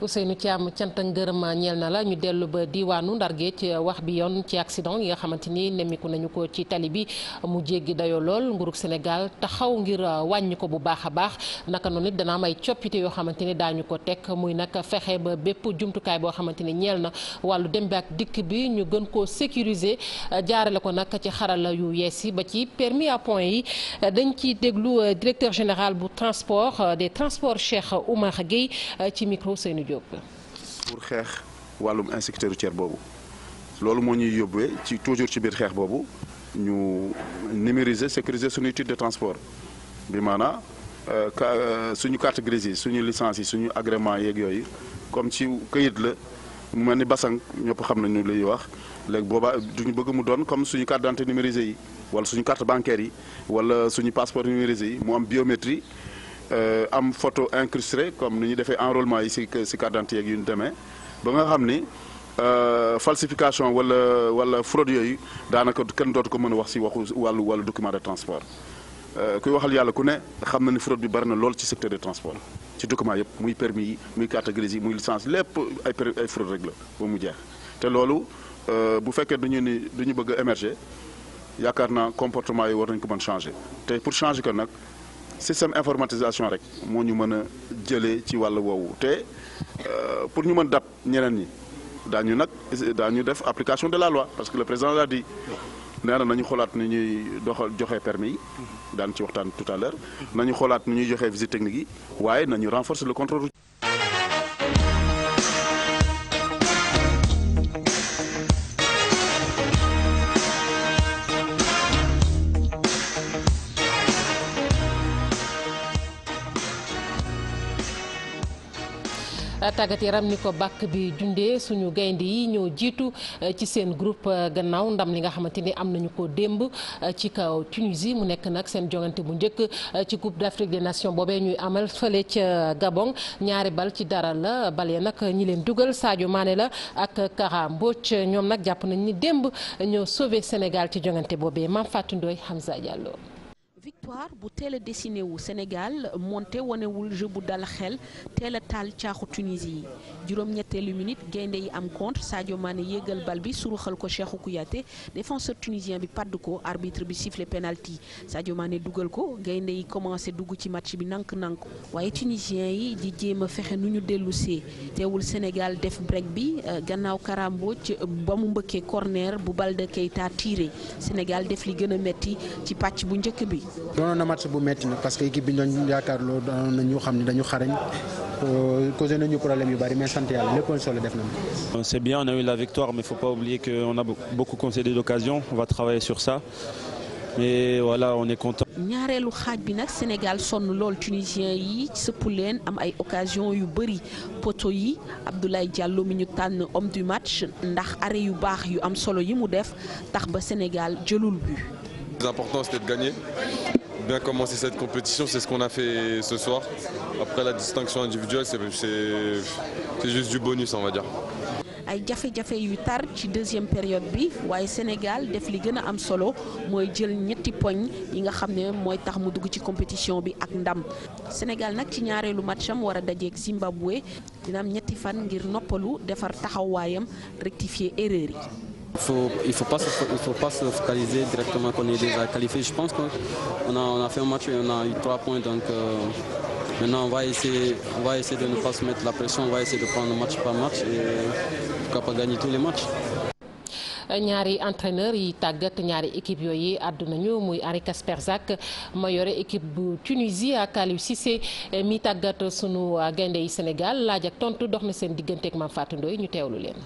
Ousseynou Thiam cant ak ngërëm ñeel na la ñu dellu ba diwaanu Ndar Géej wax bi yoon ci accident yi nga xamante ni nemmiku nañu ko ci tali bi mu jéggi dayoo lool nguurug Sénégal taxaw ngir euh, wàññi ko bu baax a baax naka noonu it dana am ay coppite yoo xamante ni daañu ko teg muy nag fexe ba bépp jumtukaay boo xamante ni ñeel na wàllu dem bi ak dikk bi ñu gën koo sécuriser jaarale ko nag ci xarala yu yees yi ba ci permis à point yi dañ ci déglu euh, directeur général bu transport euh, des transports Cheikh Oumar Gueye pour xeex wàllum insécurité routière boobu loolu moo ñuy yóbbee ci toujours ci biir xeex boobu ñu numériser sécuriser suñu étude de transport bi maanaa euh, euh, suñu carte grise yi suñu licence yi suñu agrément yeeg yooyu comme ci kayit la mu mel ni basang ñëpp xam nañu luy wax léegi boobaa du ñu bëgg mu doon comme suñu carte d'identité numérisée yi wala suñu carte bancaire yi wala suñu passeport numérisé yi mu am biométrie Euh, am photo incrustée comme ni ñu defee enrôlement yi si si carte d'identité yeeg yu ñu demee ba nga xam ni euh, falsification wala wala fraude yooyu daanaka kenn dootu ko mën a wax si waxu wàllu wàllu document de transport euh, kuy waxal yàlla ku ne xam na ni fraude bi bari na lool ci secteur de transport ci document yëpp muy permis yi muy carte grise yi muy licence lépp ay ay fraude rek la ba mu jeex te loolu bu fekkee du ñu ni ñu bëgg a yaakaar naa comportement yi war nañ ko mën changer te pour changer ko nag. système informatisation rek moo ñu mën a jëlee ci wàll woowu te euh, pour ñu mën dab ñeneen ñi daañu nag daañu def application de la loi parce que le président l'a dit na nañu xolaat ni ñuy doxal joxe permis yi daan ci waxtaan tout à l'heure nañu xoolaat ni ñuy joxe visite technique yi waaye nañu renforcer le contrôle tàggat yaram ni ko bàkk bi dundee suñu gaynde yi ñoo jiitu eh, ci seen groupe eh, gannaaw ndam li nga xamante ni am nañu ko démb eh, ci kaw Tunisie mu nekk nag seen jongante bu njëkk ci Coupe d'Afrique des Nations boobee ñuy amal fële ca Gabon ñaari bal ci dara la bale ya nag ñi leen dugal Sadio maane la ak Kara ñoom nag jàpp nañ ni démb ñoo sauvé Sénégal ci jongante boobe Mame Fatou Ndoye Hamza Diallo victoire bu teel a dessiné wu Sénégal monté wanewul jeu bu dal xel teel a taal caaxu Tunisie yi juróom-ñetteelu minute gaynde yi am contre Sadio Mané yéegal bal bi suruxal ko Cheikhou Kouyaté défenseur tunisien bi padd ko arbitre bi sifflé penalty Sadio Mané dugal ko gaynde yi commencé dugg ci match bi nank-nank waaye tunisien yi di jéem a fexe nu ñu dellusee teewul Sénégal def break bi euh, gannaaw karambo ci ba mu mbëkkee corner bu Balde Keita tiré Sénégal def li gën a metti ci pàcc bu njëkk bi doonoon na match bu metti na parce que équipe bi ñu doon yaakaar loolu doonoon na ñu xam ne dañu xarañ euh, causé nañu problème yu bari mais sant yàlla léppoon solo def nañu. Euh, c'est bien on a eu la victoire mais il faut pas oublier qu'on a beaucoup concédé d'occasion on va travailler sur ça mais voilà on est content. ñaareelu xaaj bi nag Sénégal sonn lool tunisien yi sëpp leen am ay occasion yu bëri poto yi Abdoulaye Diallo mi ñu tànn homme du match ndax arrêt yu baax yu am solo yi mu def tax ba Sénégal jëlul but. plus important, c'était de gagner. Bien commencer cette compétition, c'est ce qu'on a fait ce soir. Après, la distinction individuelle, c'est juste du bonus, on va ay jafe-jafe yu tar ci deuxième période bi waaye Sénégal def li gën a am solo mooy jël ñetti poñ yi nga xam ne mooy tax mu dugg ci compétition bi ak ndam Sénégal nag ci ñaareelu matcham war a dajeeg Zimbabwe dina am ñetti fan ngir noppalu defar taxawaayam rectifier erreur yi. Il ne faut, pas se, focaliser directement qu'on est déjà Je pense qu'on on a fait un match et on a eu trois points. Donc euh, maintenant, on va, essayer, on de ne pas se la pression. On va essayer de prendre match par match et pourquoi pas gagner tous les matchs. ñaari entraîneur yi tàggat ñaari équipe yi àdduna ñu muy Henri Casper ma yore équipe bu Tunisie ak Aliou Cissé mi tàggat sunu gaynde yi Sénégal laaj ak tontu dox na seen diggante ak Mame Fatou ñu teewlu leen.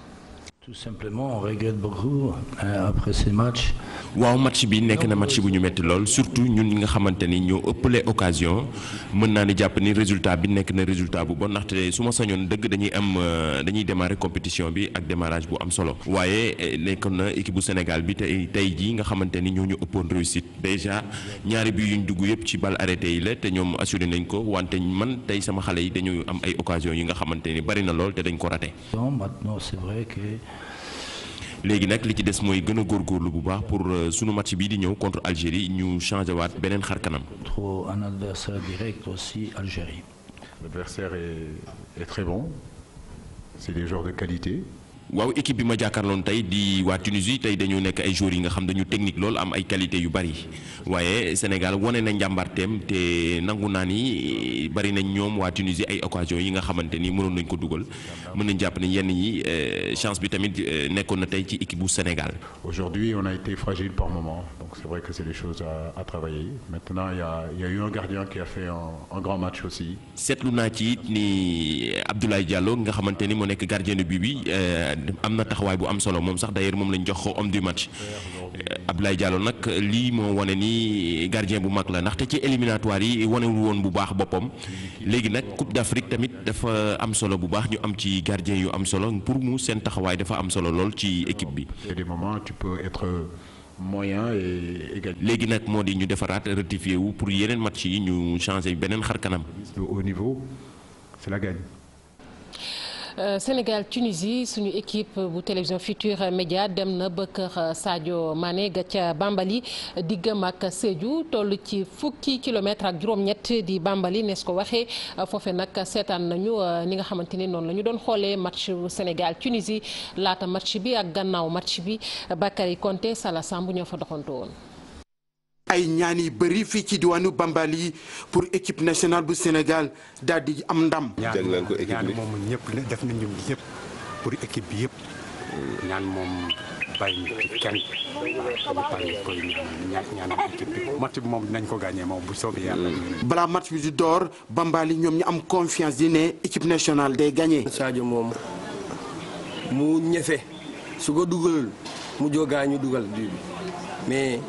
simplement on regrette euh, waaw match bi nekk na match bu ñu metti lool surtout ñun ñi nga xamante ni ñoo ëppale occasion mën naa ni jàpp ni résultat bi nekk na résultat bu bon ndaxte su ma sañoon dëgg dañuy am euh, dañuy démarrer compétition bi ak démarrage bu am solo waaye eh, nekk na équipe bu Sénégal bi tey tey jii nga xamante ni ñoo ñu ëppoon réussite déjà ñaari bi ñu dugg yëpp ci bal arrêté yi la te ñoom assuré nañ ko wante man tey sama xale yi dañuy am ay occasion yi nga xamante ni bari na lool te dañ ko raté. maintenant léegi nag li ci des mooy gën a góorgóorlu bu baax pour euh, sunu match bii di ñëw contre Algérie ñu changé waat beneen xar kanam. trop un adversaire direct aussi Algérie. l'adversaire est, est très bon c'est des joueurs de qualité. waaw équipe bi ma jàkkaarloon tey di waa Tunisie tey dañoo nekk ay joueurs yi nga xam dañu technique lool am ay qualité yu bari waaye Sénégal wane na njàmbarteem te nangu naa ni bari nañ ñoom waa Tunisie ay occasion yi nga xamante ni mënoon nañ ko dugal mën nañ jàpp ni yenn yi euh, chance bi tamit euh, nekkoon na tey ci équipe bu Sénégal. Aujourd'hui, on a été fragile par moment. Donc c'est vrai que c'est des Maintenant, il y a, a eu un gardien qui a fait un, grand match seetlu naa ci it ni Abdoulaye Diallo nga xamante ni moo nekk gardien de but bi eh, am na taxawaay bu am solo moom sax d'ailleurs moom lañ jox homme du match eh, Abdoulaye Diallo nag lii moo wane nii gardien bu mag la ndaxte ci éliminatoire yi wanewul woon bu baax boppam léegi nag Coupe d'Afrique tamit dafa am solo bu baax ñu am ci gardien yu am solo pour mu seen taxawaay dafa am solo lool ci équipe bi. moyen et léegi nag moo di ñu defaraat rectifié wu pour yeneen match yi ñu changer beneen xar kanam. au niveau c'est la gagne. Euh, Sénégal Tunisie suñu équipe bu télévision Futur Média dem na ba kër euh, Sadio Mané ga ca Bambali diggam ak Sédhiou toll ci fukki kilomètre ak juróom-ñett di Bambali su ko waxee euh, foofe nag seetaan nañu ni nga xamante ni noonu la ñu doon xoolee match Sénégal Tunisie laata match bi ak gannaaw match bi Bakary Konté Sala Samb ñoo fa doxantu woon. ay ñaan yi bëri fii ci diwaanu Bambali yi pour équipe nationale bu Sénégal daldi di am ndam. jagleel ko équipe bi ñaan moom ñëpp def ñu yëpp pour équipe bi yëpp. ñaan moom bàyyi ñu ci kenn dañu bi moom dinañ ko gagné moom bu soobee yàlla. Mm. balaa match bi di door Bambali ñoom ñu am confiance di ne équipe nationale day gagné. Sadio moom mu ñefe su ko dugalul mu jógaa ñu dugal mais.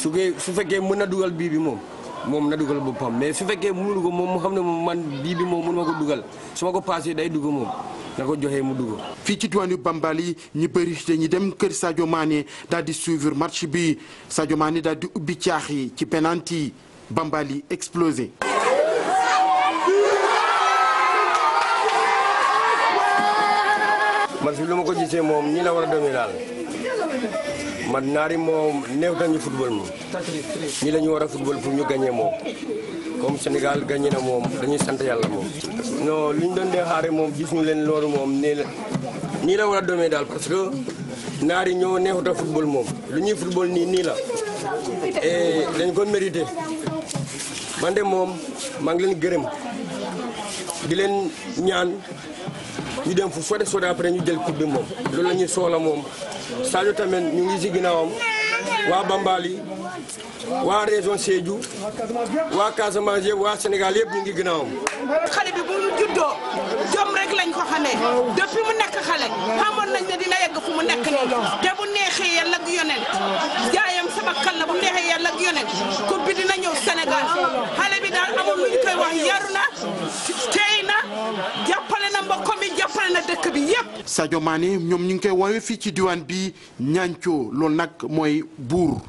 su su fekkee mën na dugal bii bi moom moom na dugal boppam mais su fekkee mënu ko moom mu xam ne moom man bii bi moom mënu ko dugal su ma ko paasee day dugg moom na ko joxee mu dugg. fii ci diwaanu Bambali ñi bëri dañuy dem kër Sadio Mané daal di suivre match bi Sadio Mané daal di ubbi caax yi ci penalty Bambali explosé. man fi lu ma ko gisee moom ñii la war a demee daal. man naari moom néew nañu football moom ñi la ñu war a football ñu gagné moom comme Sénégal gagné na moom dañuy sant yàlla moom. non li ñu doon moom gis leen loolu moom nee la nii la war a doomee daal parce que naari ñoo neexut a football moom lu ñuy football nii nii la et dañ ko mérité man de moom maa ngi leen gërëm di ñaan. ñu dem fu sore sore après ñu jël coupe bi moom loolu la ñuy soxla moom Sadio tamit ñu ngi si waa Bambali waa région Sédhiou waa Casamance yëpp waa Sénégal yëpp ñu ngi xale bi bu juddoo jom rek lañ ko xamee depuis mu nekk xale xamoon nañ ne dina yegg fu mu nekk nii te bu neexee yàlla ak yonent jaayam sama kan la bu neexee yàlla ak yonent coupe bi dina ñëw Sénégal xale bi daal amul lu ñu koy wax yaru jàppale na mbokkam yi jàppale na dëkk bi yépp Sadio Mané ñoom ñu ngi koy woowee fii ci diwaan bi ñaancoo loolu nag mooy buur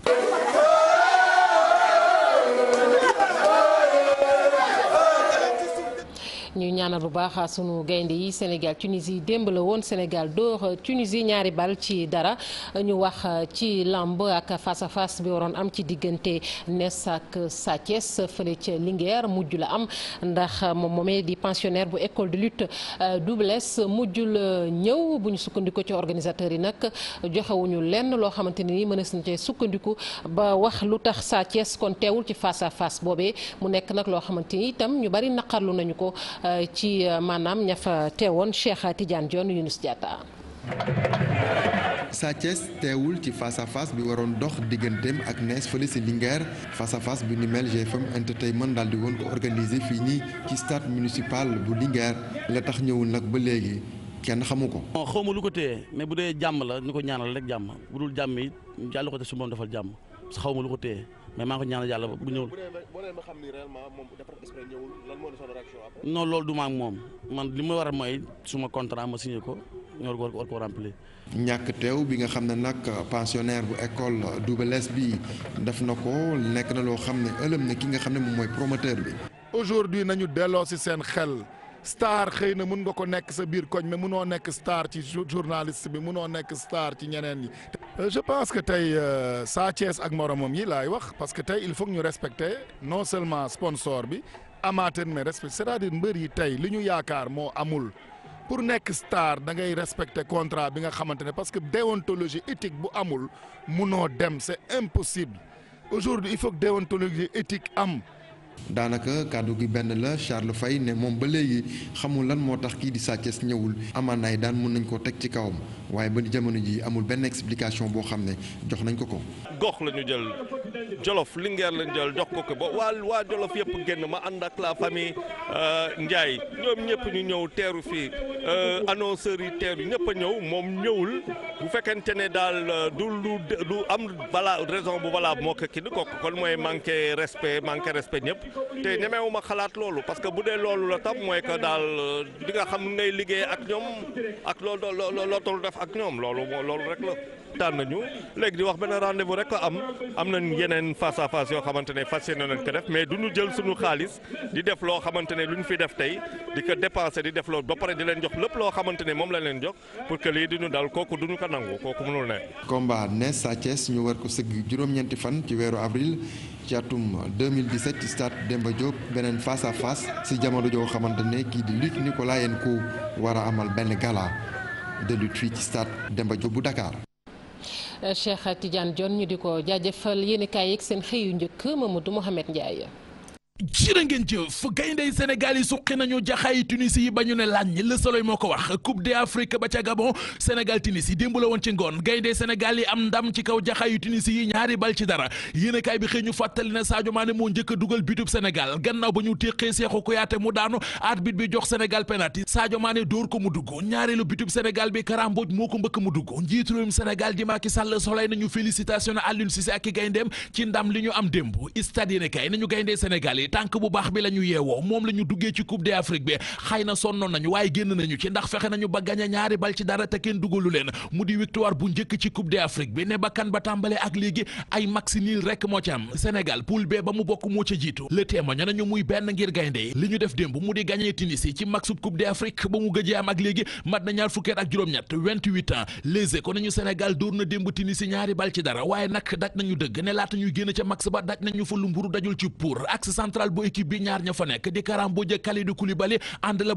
ñuy ñaanal bu baax suñu gaynde yi Sénégal Tunisie démb la woon Sénégal dóor Tunisie ñaari bal ci dara ñu wax ci làmb ak face à bi waroon am ci diggante Ness ak Sa Thiès ca Linguère mujj la am ndax moom moomee di pensionnaire bu école de lutte euh, Double Less mujjul ñëw bu ñu sukkandiku ci organisateurs yi nag joxewuñu lenn loo xamante ni mënees na cee sukkandiku ba wax lu tax Sa Thiès kon teewul ci face à boobee mu nekk nag loo xamante ni itam ñu bari naqarlu nañu ko Euh, ci euh, maanaam ña fa teewoon Cheikh Tidiane Dione Younous Diatta. Sa Thiès teewul ci face à bi waroon dox digganteem ak nees fële si Linguère face à face bi ni mel GFM entertainment daal di woon ko organisé fii nii ci stade municipal bu Linguère la tax ñëwul nag ba léegi kenn xamu ko. bon xaw ma lu ko téye mais bu dee jàmm la ñu ko ñaanal rek jàmm bu dul jàmm yi yàlla ko te su ma defal jàmm xaw ma lu ko téye. mais maa ngi ko ñaanal yàlla bu ñëwul. non loolu du ma moom man li ma war a mooy suma contrat ma signé ko ñor war war koo remplir. ñàkk teew bi nga xam ne nag pensionnaire bu école Double Less bi def na ko nekk na loo xam ne ëlëm na ki nga xam ne moom mooy promoteur bi. aujourd'hui nañu delloo si seen xel. star xëy na mun nga ko nekk sa biir koñ mais munoo nekk star ci journaliste bi munoo nekk star ci ñeneen yi Euh, je pense que tey euh, Sa Thiès ak moromam yi laay wax parce que tey il faut ñu respecter non seulement sponsor bi amateur mais respect c'est-à-dire mbër yi tey li ñu yaakaar moo amul pour nekk star da ngay respecter contrat bi nga xamante ne parce que déontologie éthique bu amul noo dem c'est impossible aujourd'hui il faut que déontologie éthique am. daanaka kàddu gi benn la Charles fay ne moom ba léegi xamul lan moo tax kii di Sa Thiès ñëwul amaan naay daan mun nañ ko teg ci kawam waaye ba jamono ji amul benn explication boo xam ne jox nañ ko ko. gox lañu ñu jël Jolof Linguère la jël jox ko ko ba waa waa Jolof yëpp génn ma ànd ak la famille euh, Ndiaye ñoom ñëpp ñu ñëw teeru fii euh, annonceurs yi teeru ñëpp a ñëw moom ñëwul bu fekkente ne daal euh, du lu du am balaa raison bu balaa moo ko kii di kooku kon mooy manqué respect manqué respect ñëpp. te nemeewu ma xalaat loolu parce que bu dee loolu la tam mooy que daal euh, di nga xam ngay liggéey ak ñoom ak loo loo def ak ñoom loolu loolu rek la. tànn nañu léegi di wax benn rendez-vous rek am am na yeneen face à face yoo xamante ne fas yéene nañ ko def mais du ñu jël suñu xaalis di def loo xamante ne lu ñu fi def tey di ko dépenser di def loolu ba pare di leen jox lépp loo xamante ne moom la leen jox pour que lii di ñu dal kooku du ko nangu kooku mënul ne. combat Ness Sa Thiès ñu war ko sëgg juróom-ñeenti fan ci weeru avril ci atum 2017 stade Demba Diop beneen face à face jamono joo xamante ne kii di Luc Nicolayenko war a amal benn gala de lutte fii ci stade Demba bu Dakar. Cheikh Tidiane Dione ñu di ko jaajëfal yéen i seen xëyu njëkk Mamadou Mouhamed Ndiaye. jërë ngeen jëf gayndey Sénégal yi suqi nañu jaxaayi Tunisie yi ba ñu ne làññ Le Soleil moo ko wax Coupe d'Afrique ba ca Gabon Sénégal Tunisie démb la woon ci ngoon gayndey Sénégal yi am ndam ci kaw jaxaayu Tunisie yi ñaari bal ci dara yéenekaay bi xëy ñu fàttali ne Sadio Mané moo njëkk a dugal bitub Sénégal gannaaw ba ñu téqee Cheikhou Kouyaté mu daanu arbitre bi jox Sénégal penalty Sadio Mané dóor ko mu dugg ñaareelu bitub Sénégal bi Kara Mbodj moo ko mbëkk mu dugg njiitu réewum Sénégal di Macky Sall Soleil nañu félicitation Aliou Cissé ak i gayndeem ci ndam li ñu am démb stade yéenekaay nañu gayndey Sénégal yi tànk bu baax bi la ñu yeewoo moom la ñu duggee ci coupe d'Afrique bi xëy na sonnoon nañu waaye génn nañu ci ndax fexe nañu ba gañe ñaari bal ci dara te kenn dugalu leen mu di victoire bu njëkk ci coupe d'Afrique bi ne bakkan ba tàmbalee ak léegi ay match nul rek moo ci am Sénégal poule B ba mu bokk moo ca jiitu le témoin nañu muy benn ngir gaynde li ñu def démb mu di gañe Tunisie ci match coupe d'Afrique ba mu gëjee am ak léegi mat na ñaar fukkeet ak juróom-ñett 28 ans les ko nañu Sénégal dóor na démb Tunisie ñaari bal ci dara waaye nag daj nañu dëgg ne laata ñuy génn ca match ba daj nañu fa lu mburu dajul ci pour central bu équipe bi ñaar ña fa nekk di Karamboje Kalidou Koulibaly ànd ne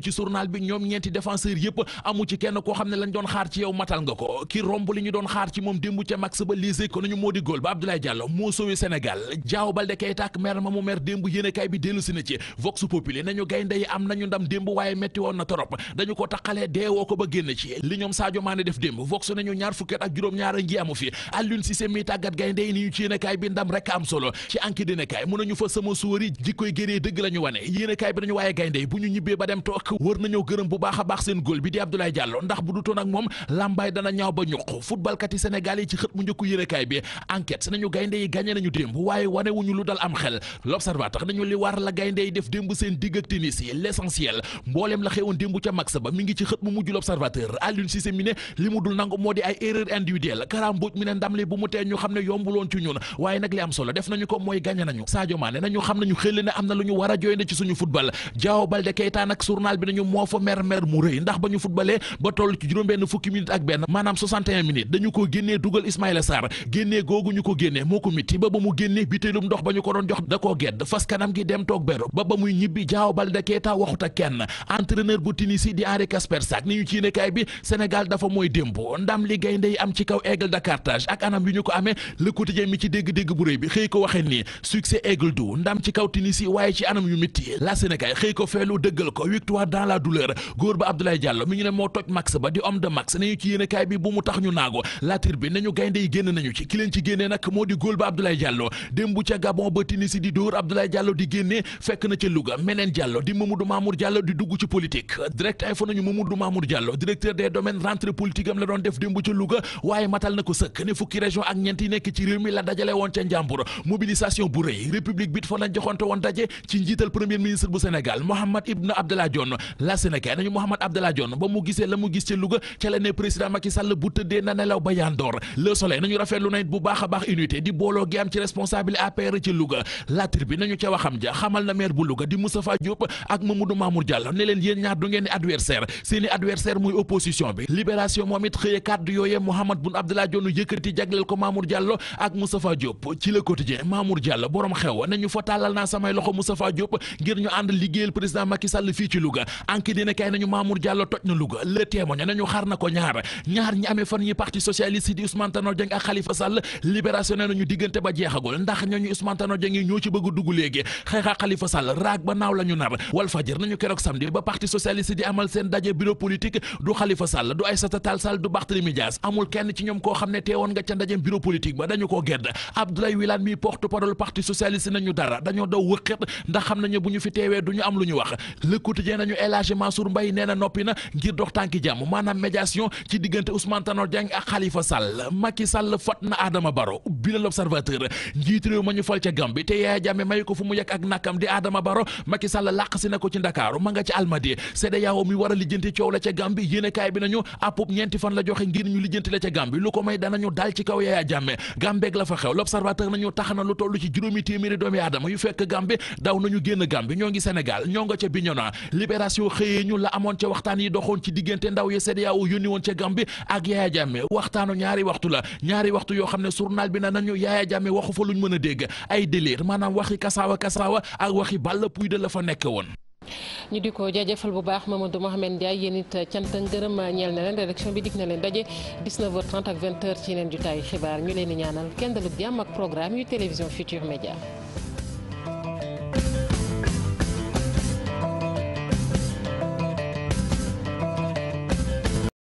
ci journal bi ñoom ñeenti défenseur yëpp amu ci kenn na dañu ko taqalee deewoo ko ba génn ci li ñoom Sadio def démb Vox nañu ñaar fukket ak juróom-ñaar a ngi amu fi Aliou Cissé mi tàggat gaynde yi ñu ci yéenekaay bi ndam rek am solo ci anki yéenekaay mën nañu fa sama suwar jikkoy géree dëgg la wane yéenekaay bi nañu waaye gayndey bu ñu ñibbee ba dem toog war nañoo gërëm bu baax a baax seen góol bi di Abdoulaye Diallo ndax bu dutoon ak moom lambaay dana ñaaw ba ñuq footballkat yi yi ci xët mu njëkku yéenekaay bi enquête nañu gaynde yi gàñe nañu démb waaye wane wuñu lu dal am xel l'observateur nañu li war la gaynde yi def démb seen digg ak tennis yi la xewoon démb ca max nañu Sadio Mané nañu xam nañu xëy ne am na lu ñu war a jooy ci suñu football Diao Baldé Keita nag journal bi nañu moo fa mer mer mu rëy ndax ba ñu footballee ba toll ci juróom-benn fukki minutes ak benn maanaam 61 minutes dañu ko génnee dugal Ismaïla Sarr génnee googu ñu ko génnee moo ko miti ba ba mu génne bitéelum ndox ba ñu ko doon jox da koo gedd fas kanam gi dem toog beru ba ba muy ñibbi Diao Baldé Keita waxut ak kenn entraîneur bu Tunisie di Henri Casper Sack ni ñu ci nekkaay bi dafa mooy démb ndam li gaynde am ci kaw Aigle de ak anam yu ñu ko amee Le Quotidien mi ci dégg-dégg bu rëy bi xëy ko waxee nii succès aigle ndam ci kaw Tunisie waaye ci anam yu métti la Sénégal xëy ko feelu dëggal ko victoire dans la douleur góor ba Abdoulaye Diallo mi ñu ne moo toj max ba di homme de max nañu ñu gaynde yi génn nañu ci ki ci génnee nag moo di góor ba Abdoulaye Diallo démb ca Gabon ba Tunisie di dóor Abdoulaye Diallo di génnee fekk na ca Louga meneen Diallo di Mamadou Mamour Diallo di dugg ci politique direct ay fa nañu Mamadou Mamour Diallo directeur des domaines rentrée rëy république bit fa lañ joxonte woon daje ci njiital premier ministre bu Sénégal Mahammed Ibn Abdallah Dionne la Sénégal nañu Mahammed Abdallah Dionne ba mu gisee la mu gis ci Louga ca la président Macky Sall bu tëddee na nelaw ba yandoor le soleil nañu rafetlu na bu baax baax unité di booloo gi am ci responsable APR ci Louga la tribune nañu ca waxam ja xamal na maire bu Louga di Moustapha Diop ak Mamadou Mamour Diallo ne leen yéen ñaar du ngeen ni borom xew nañu fa tàllal naa samay loxo Moustapha Diop ngir ñu ànd liggéeyal président Macky Sall fii ci Louga anki dina kay nañu Mamour Diallo toj na Louga le témoin nañu xaar na ko ñaar ñaar ñi amee fan ñi parti socialiste di Ousmane Tanor Dieng ak Khalifa Sall nañu diggante ba jeexagul ndax ñooñu Ousmane yi ñoo ci bëgg dugg léegi xeexa Khalifa Sall raag ba naaw la nar Walf Fadjri nañu keroog samedi ba parti socialiste di amal seen socialiste nañu dara dañoo daw wëqët ndax xam nañu bu ñu fi teewee du ñu am lu ñu wax le quotidien nañu El Hadji Mansour Mbaye nee na noppi na ngir dox tànki jàmm maanaam médiation ci diggante Ousmane Tanor Dieng ak Khalifa Sall Macky Sall fat na Adama Barrow bi la l'observateur njiit réew ma ñu fal ca Gambie te Yaya Jammeh may ko fu mu yegg ak nakam di Adama Barrow Macky Sall làq na ko ci Ndakaaru ma nga ci Almadi CEDEAO mi war a lijjanti coow la ca Gambie la joxe ngir ñu lijjanti la ca Gambie lu ko tax na lu tollu ci juróomi juróomi doom doomi aadama yu fekk Gambie daw nañu génn Gambie ñoo ngi Sénégal ñoo nga ca Bignona libération xëyee ñu la amoon ca waxtaan yi doxoon ci diggante ndaw ya CEDEAO yónni woon ca Gambie ak Yaya Jammeh waxtaanu ñaari waxtu la ñaari waxtu yoo xam ne journal bi na nañu Yaya Jammeh waxu fa luñ mën a dégg ay délire maanaam waxi kasaawa kasaawa ak waxi balla puy de la fa nekk woon ñu di ko jaajëfal bu baax ma Mamadou Mohamed Ndiaye yéen it cant ngërëm ñeel na leen rédaction bi dig na leen daje 19h30 ak 20h ci yeneen jotaayu xibaar ñu leen di ñaanal kenn dalug jàmm ak programme yu télévision Futur Média